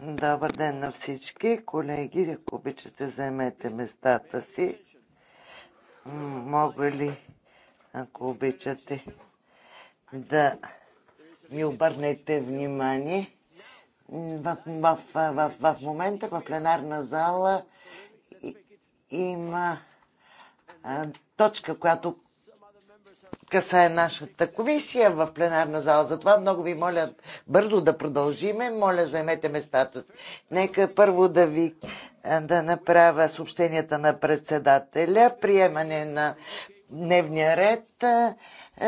Добър ден на всички. Колеги, ако обичате, заемете местата си. Мога ли, ако обичате, да ми обърнете внимание? В, в, в, в момента в пленарна зала има точка, която касае нашата комисия в пленарна зала. Затова много ви моля бързо да продължиме. Моля, заемете местата си. Нека първо да ви да направя съобщенията на председателя. Приемане на дневния ред.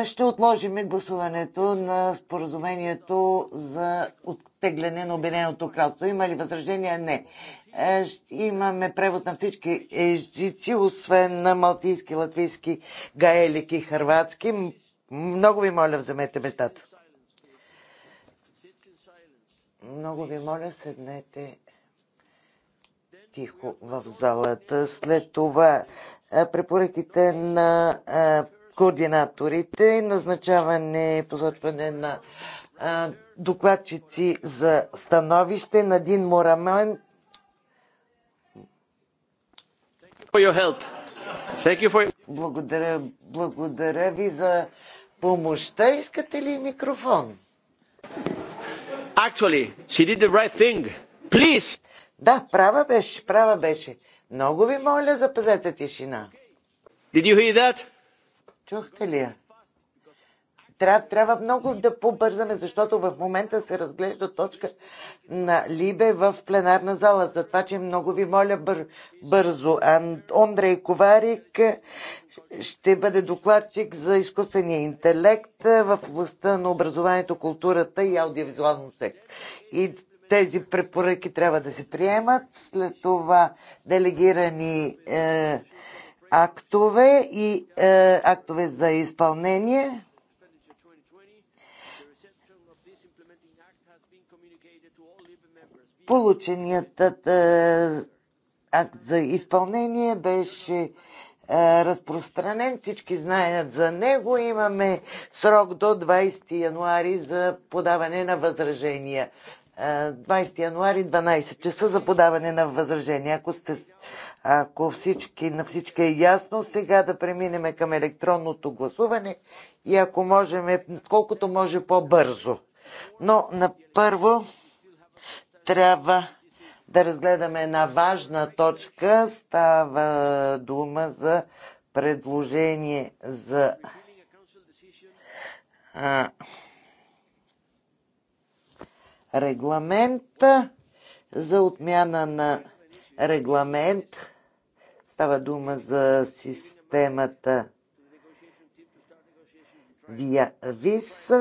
Ще отложим гласуването на споразумението за оттегляне на Обединеното кралство. Има ли възражения? Не. Е, имаме превод на всички езици, освен на малтийски, латвийски, гаелик и хърватски. Много ви моля, вземете местата. Много ви моля, седнете тихо в залата. След това е, препоръките на е, координаторите, назначаване, посочване на докладчици за становище. на Дин Мураман Благодаря, благодаря ви за помощта. Искате ли микрофон? Actually, she did the right thing. Please. Да, права беше, права беше. Много ви моля, запазете тишина. Did you hear that? Чухте ли я? Трябва, трябва много да побързаме, защото в момента се разглежда точка на Либе в пленарна зала. Затова, че много ви моля бър, бързо. Андрей Коварик ще бъде докладчик за изкуствения интелект в областта на образованието, културата и аудиовизуално сектор. И тези препоръки трябва да се приемат. След това делегирани е, актове и е, актове за изпълнение. Полученият акт за изпълнение беше разпространен, всички знаят за него. Имаме срок до 20 януари за подаване на възражения. 20 януари, 12 часа за подаване на възражения. Ако, сте, ако всички, на всички е ясно, сега да преминем към електронното гласуване и ако можем, колкото може по-бързо. Но на първо трябва да разгледаме една важна точка. Става дума за предложение за а, регламента за отмяна на регламент. Става дума за системата ВИА ВИС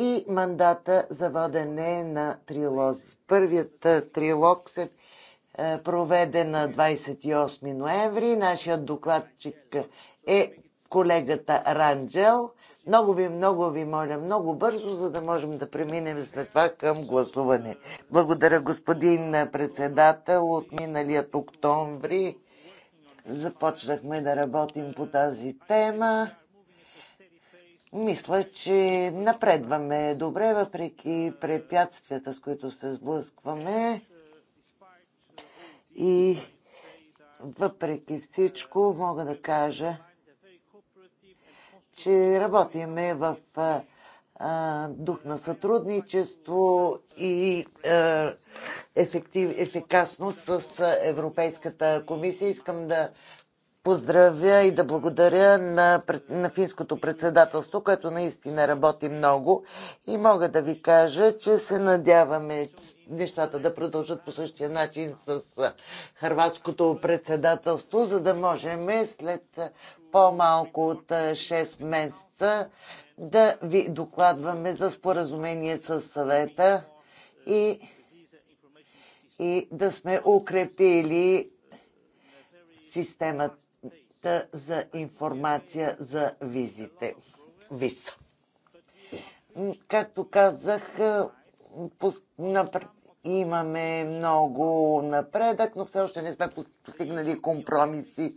и мандата за водене на трилози. Първият е, трилог се е, проведе на 28 ноември. Нашият докладчик е колегата Ранджел. Много ви, много ви моля, много бързо, за да можем да преминем след това към гласуване. Благодаря, господин председател. От миналият октомври започнахме да работим по тази тема. Мисля, че напредваме добре, въпреки препятствията, с които се сблъскваме. И въпреки всичко, мога да кажа, че работиме в а, дух на сътрудничество и а, ефектив, ефикасност с Европейската комисия. Искам да поздравя и да благодаря на, на финското председателство, което наистина работи много и мога да ви кажа, че се надяваме нещата да продължат по същия начин с хрватското председателство, за да можем след по-малко от 6 месеца да ви докладваме за споразумение с съвета и, и да сме укрепили системата проекта за информация за визите. Виз. Както казах, е, имаме много напредък, но все още не сме постигнали компромиси,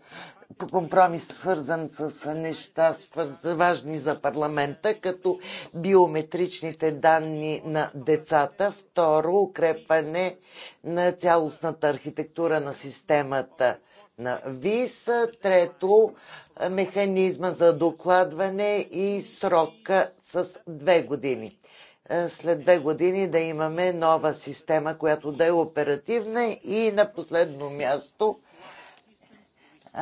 компромис свързан с неща важни за парламента, като биометричните данни на децата, второ укрепване на цялостната архитектура на системата на ВИС. Трето, механизма за докладване и срока с две години. Е, след две години да имаме нова система, която да е оперативна и на последно място е,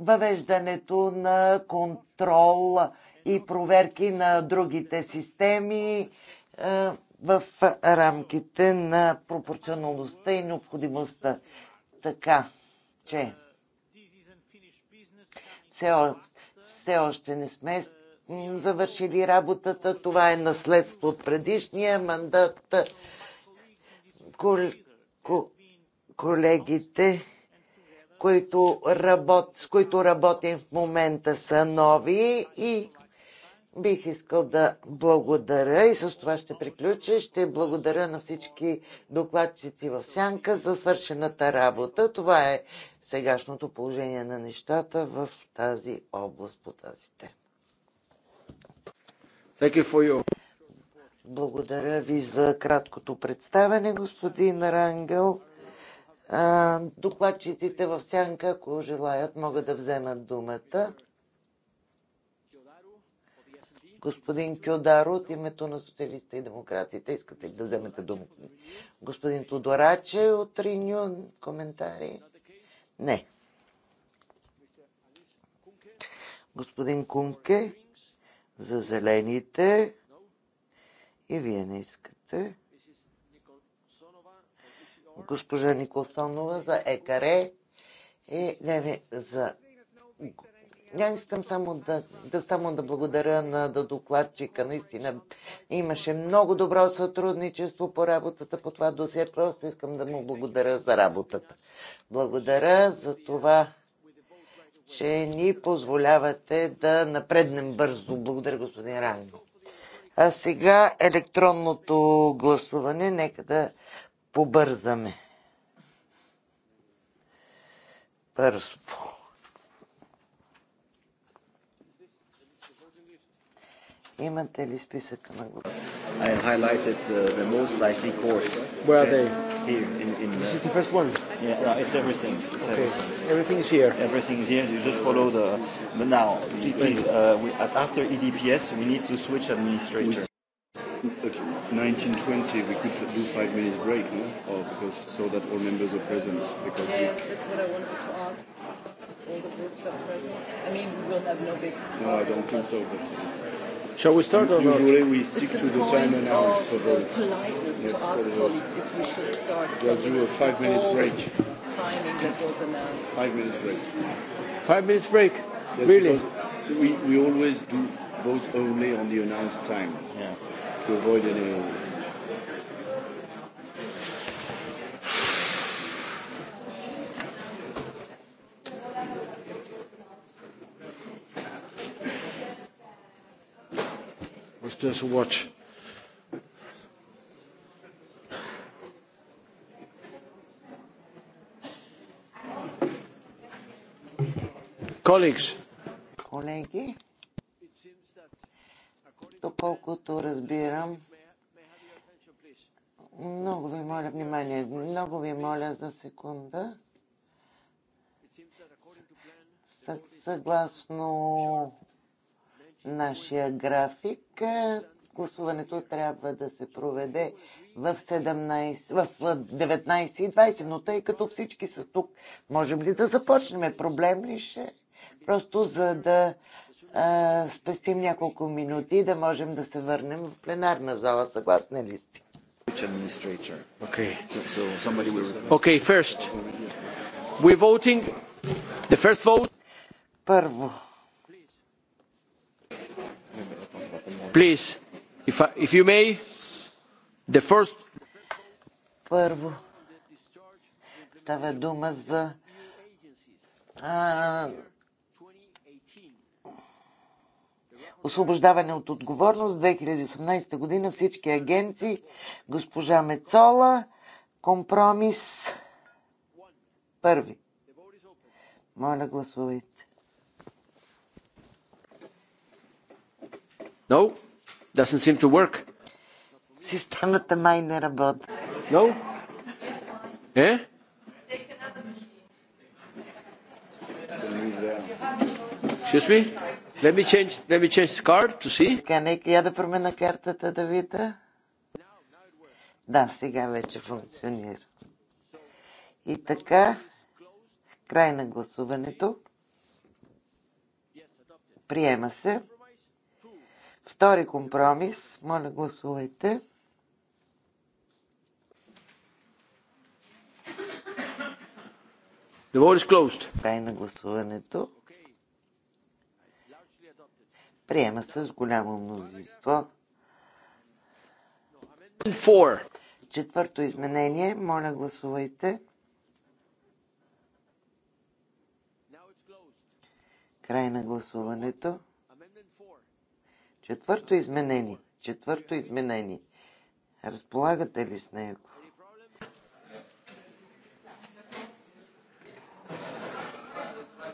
въвеждането на контрол и проверки на другите системи е, в рамките на пропорционалността и необходимостта. Така, че все, все още не сме завършили работата. Това е наследство от предишния мандат. Кол, колегите, които работ, с които работим в момента, са нови и Бих искал да благодаря и с това ще приключа. Ще благодаря на всички докладчици в Сянка за свършената работа. Това е сегашното положение на нещата в тази област по тази тема. You благодаря ви за краткото представене, господин Рангел. Докладчиците в Сянка, ако желаят, могат да вземат думата. Господин Кюдар от името на социалистите и демократите. Искате ли да вземете дума? Господин Тодораче от Риню. Коментари? Не. Господин Кунке за зелените. И вие не искате. Госпожа Николсонова за Екаре и Леви за я искам само да, да, само да благодаря на да докладчика. Наистина имаше много добро сътрудничество по работата по това досие. Просто искам да му благодаря за работата. Благодаря за това, че ни позволявате да напреднем бързо. Благодаря, господин Ранго. А сега електронното гласуване. Нека да побързаме. Първо. Имате ли списъка на гласуване? I highlighted uh, the most likely course. Where are they? Here in, in the... This is the first one. Yeah, no, it's everything. It's okay. everything. Everything is here. It's everything is here. You just follow the. But now, please, uh, we, at, after EDPS, we need to switch administrators. 1920 we could do five minutes break no or because so that all members are present because yeah, that's what i wanted to ask all the groups are present i mean we will have no big no i don't think so but uh Shall we start? Or Usually we stick to the time announced for votes. politeness yes, to ask colleagues if we should start. We'll do a five minutes break. Timing that was announced. Five minutes break. Five minutes break. Yes, really? We, we always do vote only on the announced time yeah. to avoid any. just watch. Colleagues. Колеги, доколкото разбирам, много ви моля внимание, много ви моля за секунда. Съгласно нашия график. Е, гласуването трябва да се проведе в, 17, в 19.20, но тъй като всички са тук, можем ли да започнем? Проблем ли ще? Просто за да а, е, спестим няколко минути и да можем да се върнем в пленарна зала, съгласни ли сте? Okay. So, so will... okay, first. We're voting. The first vote. Първо Please, if, I, if you may, the first... Първо, става дума за а, освобождаване от отговорност 2018 година всички агенции, госпожа Мецола, компромис първи. Моля, гласувайте. No, doesn't seem to work. Системата май не работи. No? Е? Excuse me? Let me change, let me change the card to see. Така, нека я да промена картата да видя. Да, сега вече функционира. И така, край на гласуването. Приема се. Втори компромис. Моля, гласувайте. The vote is closed. Край на гласуването. Приема се с голямо мнозинство. Четвърто изменение. Моля, гласувайте. Край на гласуването. Четвърто изменение. Четвърто изменение. Разполагате ли с него?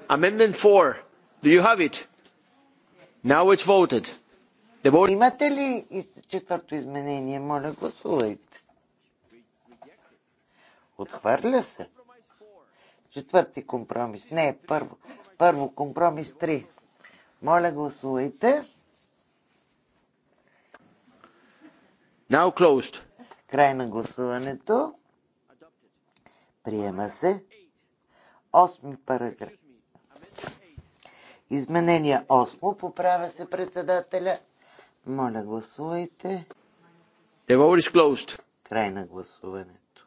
Amendment 4. Do you have it? Now it's voted. The vote... Имате ли четвърто изменение? Моля, гласувайте. Отхвърля се. Четвърти компромис. Не, първо. Първо компромис 3. Моля, гласувайте. Now closed. Край на гласуването. Приема се. Осми параграф. Изменение 8. Поправя се председателя. Моля, гласувайте. The vote is closed. Край на гласуването.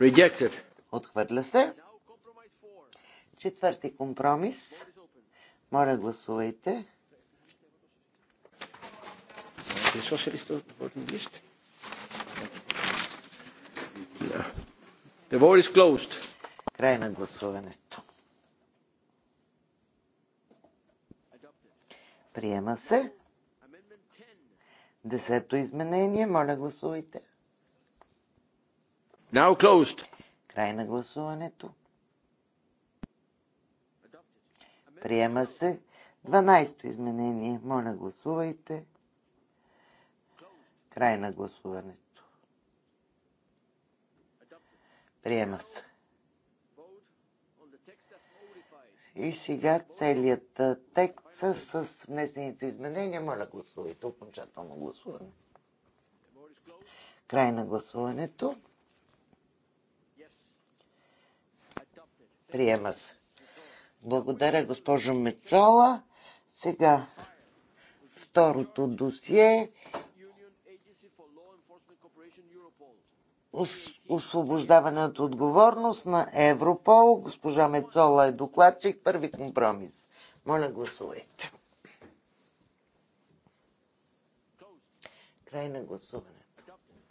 Rejected. Отхвърля се. Четвърти компромис. Моля, гласувайте. Die Socialisten wollten nicht. Ja. The war is closed. Край на гласуването. Приема се. Десето изменение. Моля, гласувайте. Now closed. Край на гласуването. Приема се. 12-то изменение. Моля, гласувайте. Край на гласуването. Приема се. И сега целият текст с внесените изменения. Моля, гласувайте. Окончателно гласуване. Край на гласуването. Приема се. Благодаря, госпожо Мецола. Сега второто досие освобождаване от отговорност на Европол. Госпожа Мецола е докладчик. Първи компромис. Моля, гласувайте. Край на гласуването.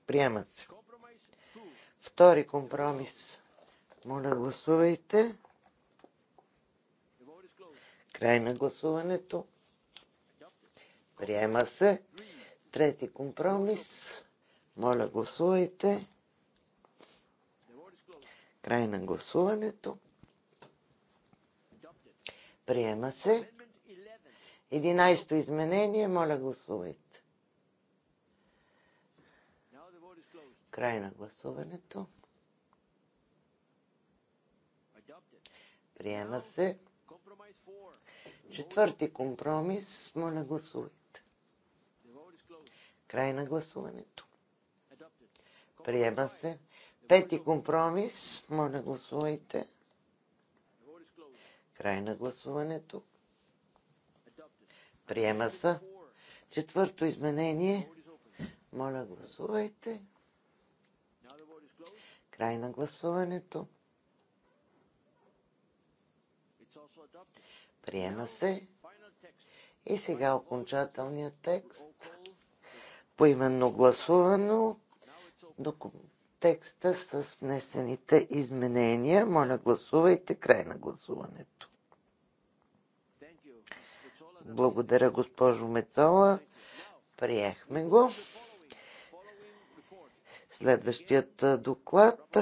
Приема се. Втори компромис. Моля, гласувайте. Край на гласуването. Приема се. Трети компромис. Моля, гласувайте. Край на гласуването. Приема се. 11-то изменение. Моля, гласувайте. Край на гласуването. Приема се. Четвърти компромис. Моля, гласувайте. Край на гласуването. Приема се. Пети компромис. Моля, гласувайте. Край на гласуването. Приема се. Четвърто изменение. Моля, гласувайте. Край на гласуването. Приема се. И сега окончателният текст поименно гласувано до текста с внесените изменения. Моля, гласувайте край на гласуването. Благодаря, госпожо Мецола. Приехме го. Следващият доклад.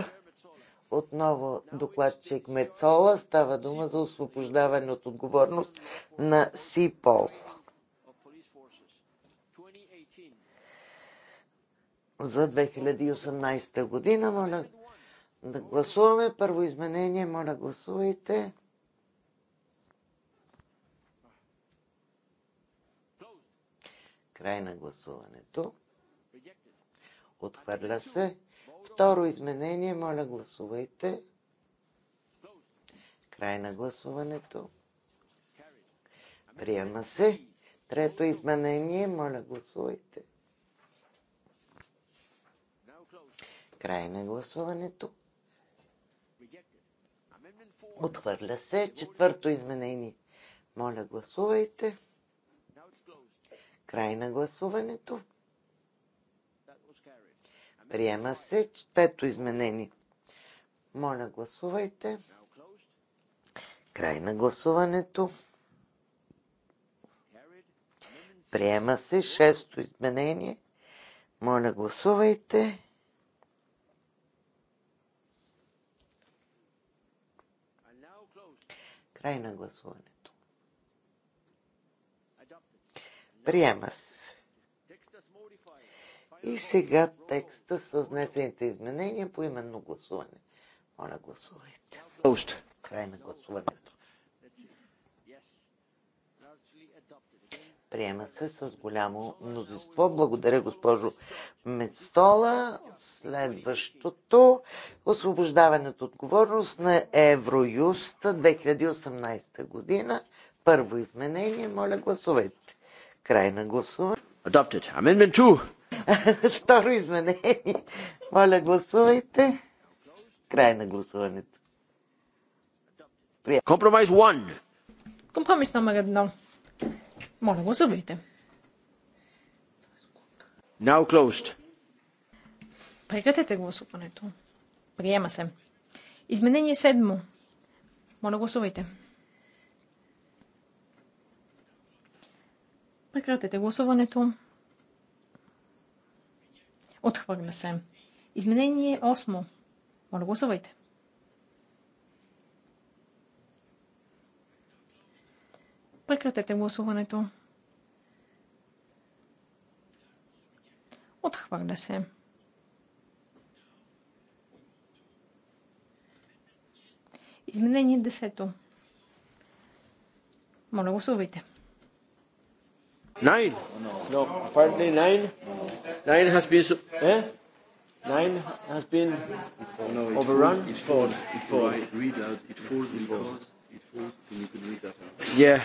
Отново докладчик Мецола. Става дума за освобождаване от отговорност на СИПОЛ. за 2018 година. Моля да гласуваме. Първо изменение, моля гласувайте. Край на гласуването. Отхвърля се. Второ изменение, моля гласувайте. Край на гласуването. Приема се. Трето изменение, моля гласувайте. Край на гласуването. Отхвърля се. Четвърто изменение. Моля, гласувайте. Край на гласуването. Приема се. Пето изменение. Моля, гласувайте. Край на гласуването. Приема се шесто изменение. Моля, гласувайте. Край на гласуването. Приема се. И сега текста с внесените изменения по именно гласуване. Моля, гласувайте. Край на гласуването. Приема се с голямо мнозинство. Благодаря, госпожо Мецола. Следващото освобождаването отговорност на Евроюст 2018 година. Първо изменение. Моля, гласувайте. Край на гласуване. Adopted. Amendment 2. Второ изменение. Моля, гласувайте. Край на гласуването. Компромис 1. Компромис номер 1. Моля, гласувайте. Now closed. Прекратете гласуването. Приема се. Изменение седмо. Моля, гласувайте. Прекратете гласуването. Отхвърля се. Изменение 8. Моля, гласувайте. Прекратете гласуването. Отхвърля се. Изменение 10. Моля, гласувайте. 9. No, apparently 9. 9 has been... Eh? 9 has been overrun. It falls. It falls. Read out. It falls because... It falls. Can you read that out? Yeah.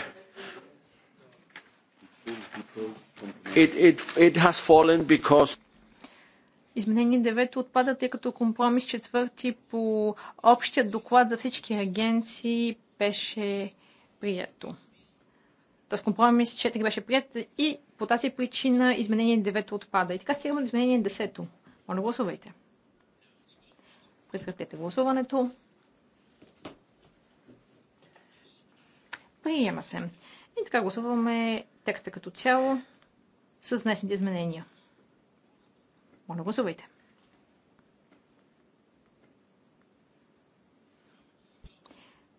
Изменение 9 отпада, тъй като компромис четвърти по общия доклад за всички агенции беше прието. Тоест компромис 4 беше прият и по тази причина изменение 9 отпада. И така стигаме до изменение 10. Моля, гласувайте. Прекратете гласуването. Приема се. И така гласуваме текста като цяло с внесните изменения. Моля, гласувайте.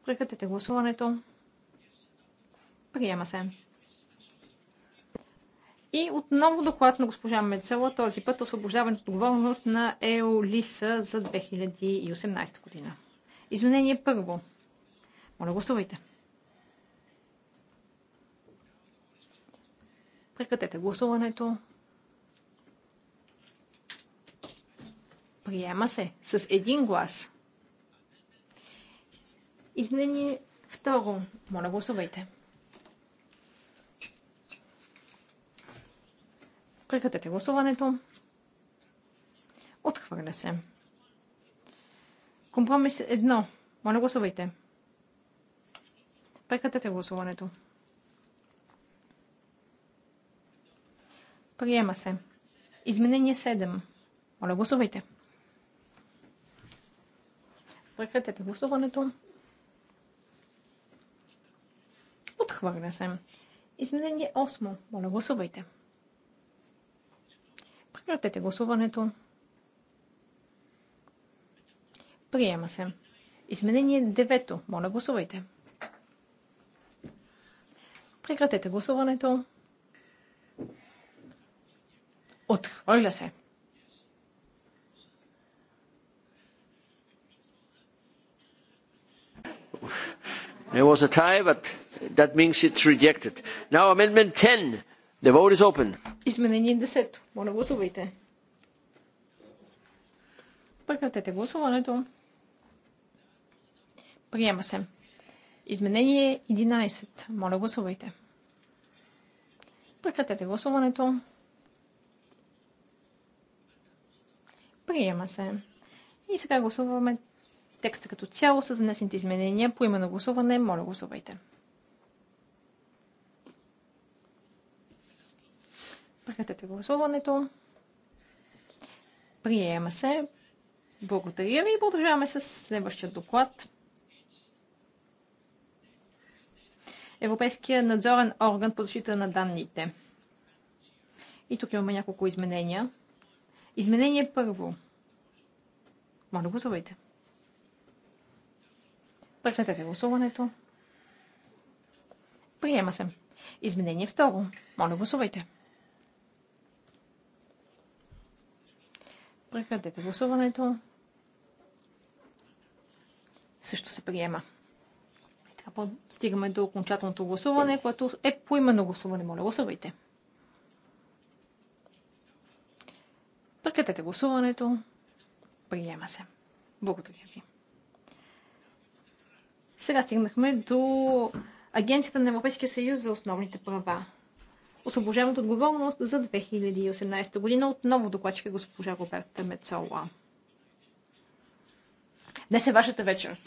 Прекратете гласуването. Приема се. И отново доклад на госпожа Мецела, този път освобождаване от отговорност на ЕОЛИСА за 2018 година. Изменение първо. Моля, гласувайте. Прекратете гласуването. Приема се с един глас. Изменение второ. Моля, гласувайте. Прекратете гласуването. Отхвърля се. Компромис 1. Моля, гласувайте. Прекратете гласуването. Приема се. Изменение 7. Моля, гласувайте. Прекратете гласуването. Отхвърля се. Изменение 8. Моля, гласувайте. Прекратете гласуването. Приема се. Изменение 9. Моля, гласувайте. Прекратете гласуването. Отхвърля се. There was a tie, but that means it's rejected. Now amendment 10. The vote is open. Изменение 10. Моля гласувайте. Прекратете гласуването. Приема се. Изменение 11. Моля гласувайте. Прекратете гласуването. Приема се. И сега гласуваме текста като цяло с внесените изменения. По име на гласуване, моля гласувайте. Прекратете гласуването. Приема се. Благодаря ви и продължаваме с следващия доклад. Европейския надзорен орган по защита на данните. И тук имаме няколко изменения. Изменение първо. Моля, да гласувайте. Прекратете гласуването. Приема се. Изменение второ. Моля, да гласувайте. Прекратете гласуването. Също се приема. И така стигаме до окончателното гласуване, което е поименно гласуване. Моля, гласувайте. Прекратете гласуването. Приема се. Благодаря ви. Сега стигнахме до Агенцията на Европейския съюз за основните права. Освобождаването отговорност за 2018 година. Отново докладчика госпожа Роберта Мецола. Днес е вашата вечер.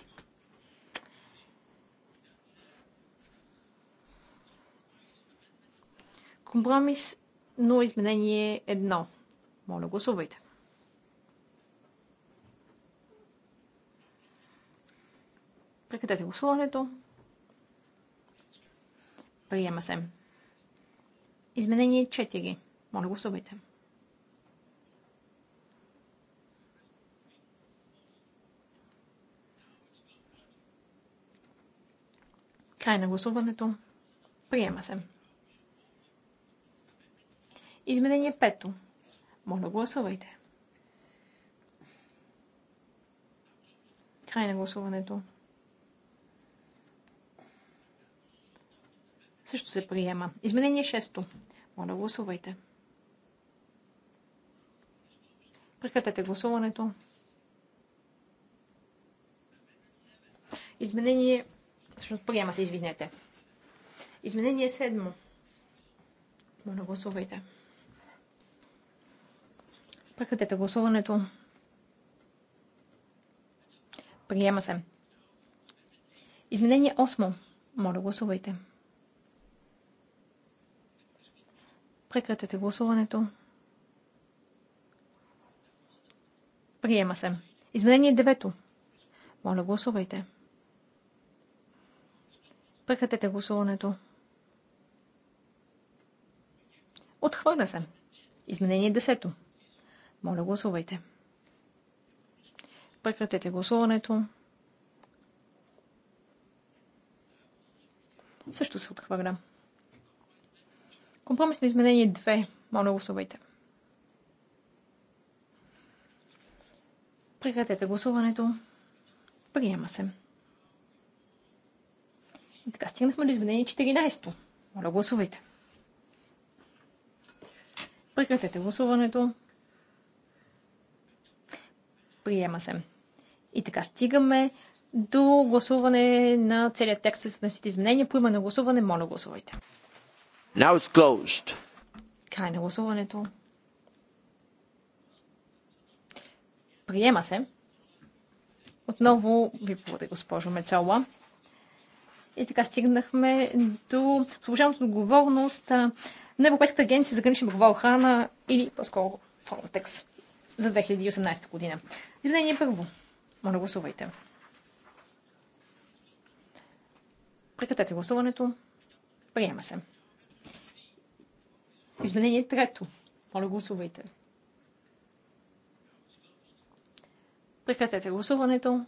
Компромис, но изменение едно. Моля, гласувайте. Прекратете гласуването. Приема се. Изменение 4. Моля, гласувайте. Край на гласуването. Приема се. Изменение 5. Моля, гласувайте. Край на гласуването. Също се приема. Изменение 6. Моля, гласувайте. Прекратете гласуването. Изменение... Всъщност приема се, извинете. Изменение 7. Моля, гласувайте. Прекратете гласуването. Приема се. Изменение 8. Моля, гласувайте. Прекратете гласуването. Приема се. Изменение 9. Моля, гласувайте. Прекратете гласуването. Отхвърля се. Изменение 10. Моля, гласувайте. Прекратете гласуването. Също се отхвърля. Компромисно изменение 2. Моля, гласувайте. Прекратете гласуването. Приема се. И така стигнахме до изменение 14. Моля, гласувайте. Прекратете гласуването приема се. И така стигаме до гласуване на целият текст с внесите изменения. По име на гласуване, моля гласувайте. Now it's closed. Край на гласуването. Приема се. Отново ви поводи, госпожо Мецола. И така стигнахме до служебната отговорност на Европейската агенция за гранична бъгова охрана или по-скоро Frontex за 2018 година. Изменение първо. Моля, гласувайте. Прекратете гласуването. Приема се. Изменение трето. Моля, гласувайте. Прекратете гласуването.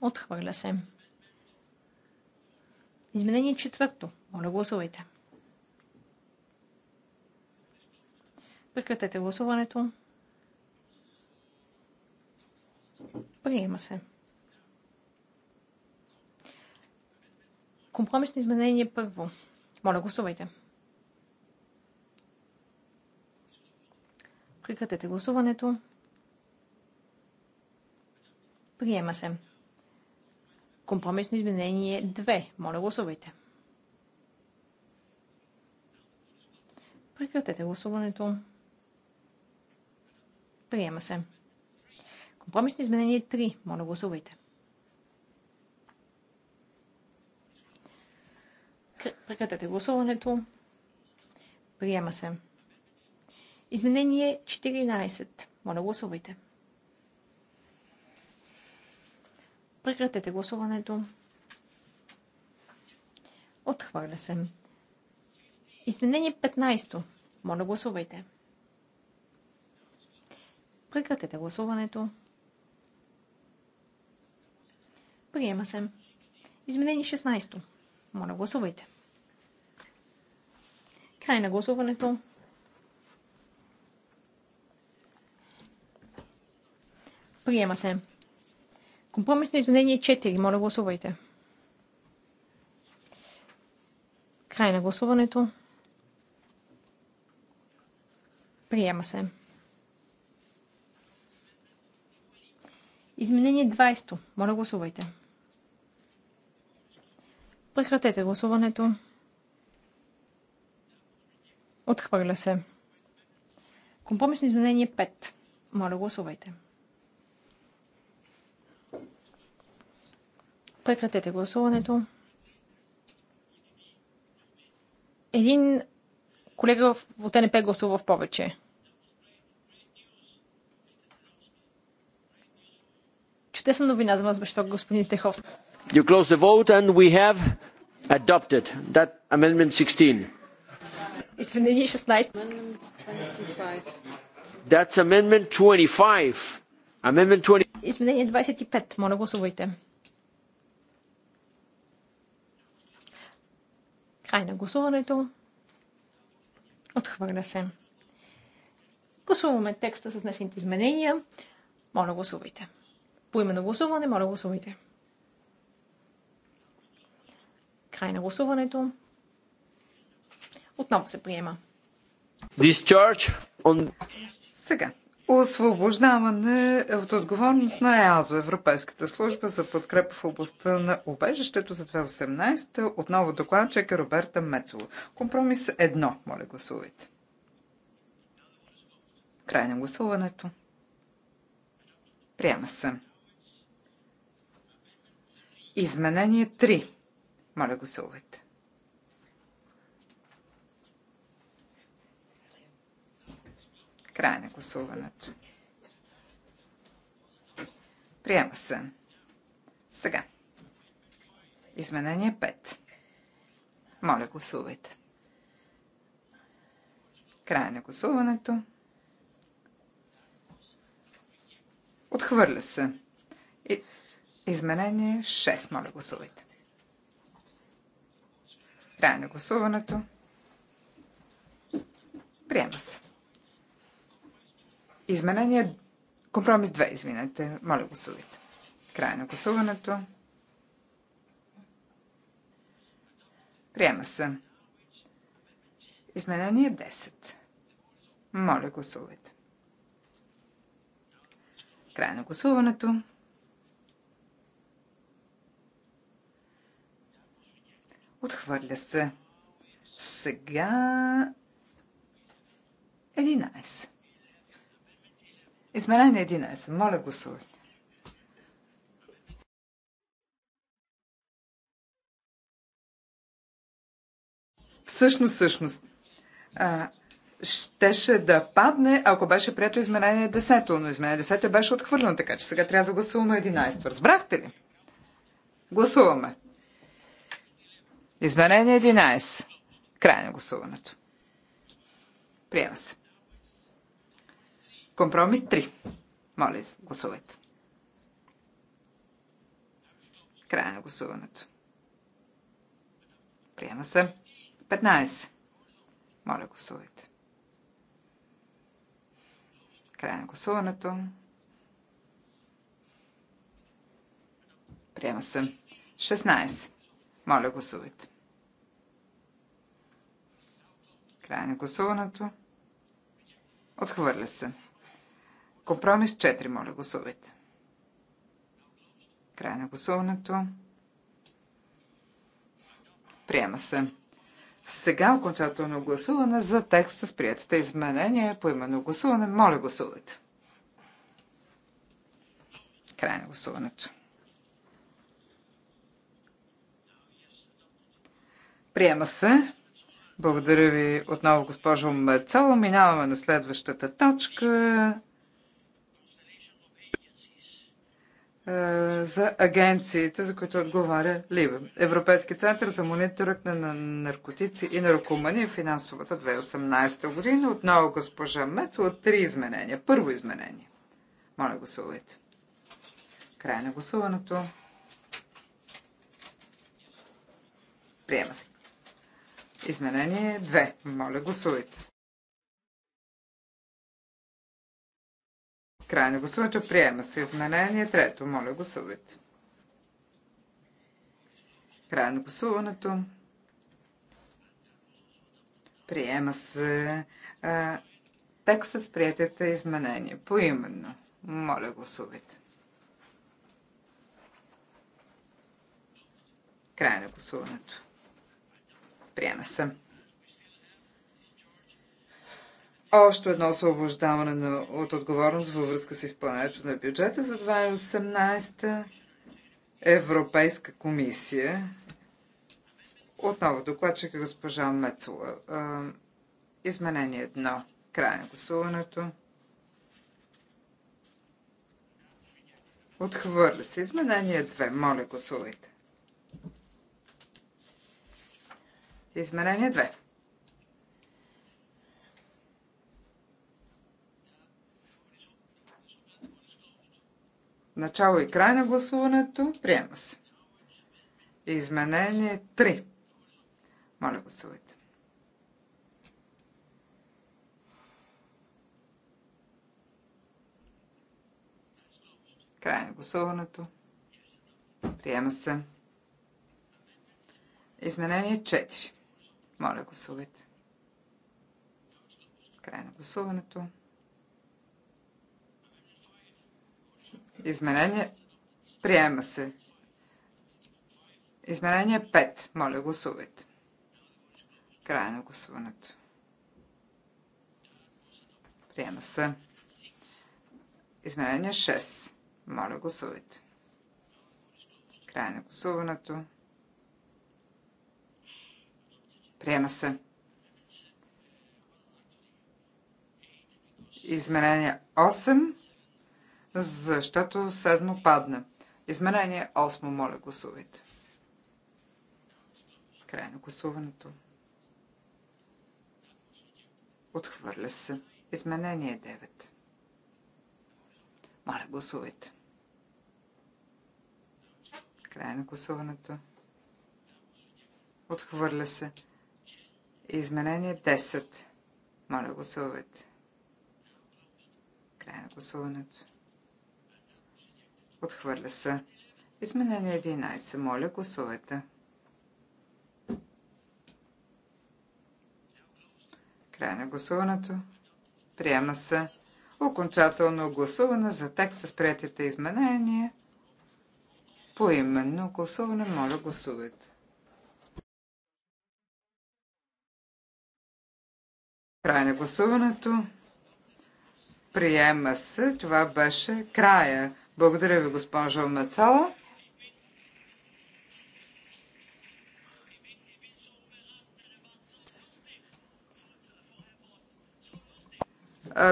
Отхвърля се. Изменение четвърто. Моля, гласувайте. Прекратете гласуването. Приема се. Компромисно изменение първо. Моля, гласувайте. Прекратете гласуването. Приема се. Компромисно изменение 2. Моля, гласувайте. Прекратете гласуването. Приема се. Компромисно изменение 3. Моля гласувайте. Прекратете гласуването. Приема се. Изменение 14. Моля гласувайте. Прекратете гласуването. Отхвърля се. Изменение 15. Моля гласувайте. Прекратете гласуването. Приема се. Изменение 16. Моля, гласувайте. Край на гласуването. Приема се. Компромисно изменение 4. Моля, гласувайте. Край на гласуването. Приема се. Изменение 20. Моля гласувайте. Прекратете гласуването. Отхвърля се. Компромисно изменение 5. Моля гласувайте. Прекратете гласуването. Един колега от НП е гласува в повече. Чудесна новина за вас беше господин Стеховски. You close the vote and we have adopted that amendment 16. Изменение 16. That's amendment 25. Amendment 20. Изменение 25. Моля гласувайте. Край на гласуването. Отхвърля се. Гласуваме текста с внесените изменения. Моля гласувайте. По име на гласуване, моля гласувайте. Край на гласуването. Отново се приема. On... Сега. Освобождаване от отговорност на ЕАЗО, Европейската служба за подкрепа в областта на убежището за 2018. Отново докладчик е Роберта Мецово. Компромис 1. Моля, гласувайте. Край на гласуването. Приема се. Изменение 3. Моля, гласувайте. Край на гласуването. Приема се. Сега. Изменение 5. Моля, гласувайте. Край на гласуването. Отхвърля се. И Изменение 6. Моля, гласувайте. Край на гласуването. Приема се. Изменение компромис 2, извинете. Моля, гласувайте. Край на гласуването. Приема се. Изменение 10. Моля, гласувайте. Край на гласуването. Отхвърля се. Сега 11. Измерение 11. Моля гласувай. Всъщност, всъщност, а, щеше да падне, ако беше прието изменение 10, но изменение 10 беше отхвърлено, така че сега трябва да гласуваме 11. Разбрахте ли? Гласуваме. Изменение 11. Край на гласуването. Приема се. Компромис 3. Моля, гласувайте. Край на гласуването. Приема се. 15. Моля, гласувайте. Край на гласуването. Приема се. 16. Моля, гласувайте. Край на гласуването. Отхвърля се. Компромис 4, моля гласувайте. Край на гласуването. Приема се. Сега окончателно гласуване за текста с приятата изменения по именно гласуване. Моля гласувайте. Край на гласуването. Приема се. Благодаря ви отново, госпожо Мецало. Минаваме на следващата точка. Е, за агенциите, за които отговаря Лива. Европейски център за мониторък на наркотици и наркомания в финансовата 2018 година. Отново госпожа Мецо, от три изменения. Първо изменение. Моля, гласувайте. Край на гласуването. Приема се. Изменение 2. Моля, гласувайте. Край на гласуването. Приема се изменение. Трето. Моля, гласувайте. Край на гласуването. Приема се текст с приятелите изменения. Поименно. Моля, гласувайте. Край на гласуването. Приема се. Още едно освобождаване на, от отговорност във връзка с изпълнението на бюджета за 2018 е Европейска комисия. Отново докладчика госпожа Мецула. Изменение едно. Край на гласуването. Отхвърля се. Изменение 2. Моля, гласувайте. Изменение 2. Начало и край на гласуването. Приема се. Изменение 3. Моля, гласувайте. Край на гласуването. Приема се. Изменение 4. Моля, гласувайте. Край на гласуването. Изменение. Приема се. Изменение 5. Моля, гласувайте. Край на гласуването. Приема се. Изменение 6. Моля, гласувайте. Край на гласуването. Приема се. Изменение 8, защото 7 падна. Изменение 8, моля гласувайте. Край на гласуването. Отхвърля се. Изменение 9. Моля, гласувайте. Край на гласуването. Отхвърля се. Изменение 10. Моля, гласувайте. Край на гласуването. Отхвърля се. Изменение 11. Моля, гласувайте. Край на гласуването. Приема се. Окончателно гласуване за текст с приятите изменения. Поименно гласуване. Моля, гласувайте. Край на гласуването. Приема се. Това беше края. Благодаря ви, госпожо Мацала.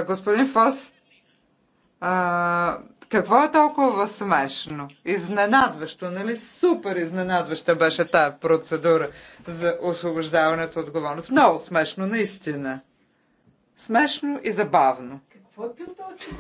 господин Фос, а, какво е толкова смешно? Изненадващо, нали? Супер изненадваща беше тази процедура за освобождаването от отговорност. Много смешно, наистина. Смешно и забавно. Какво е пил този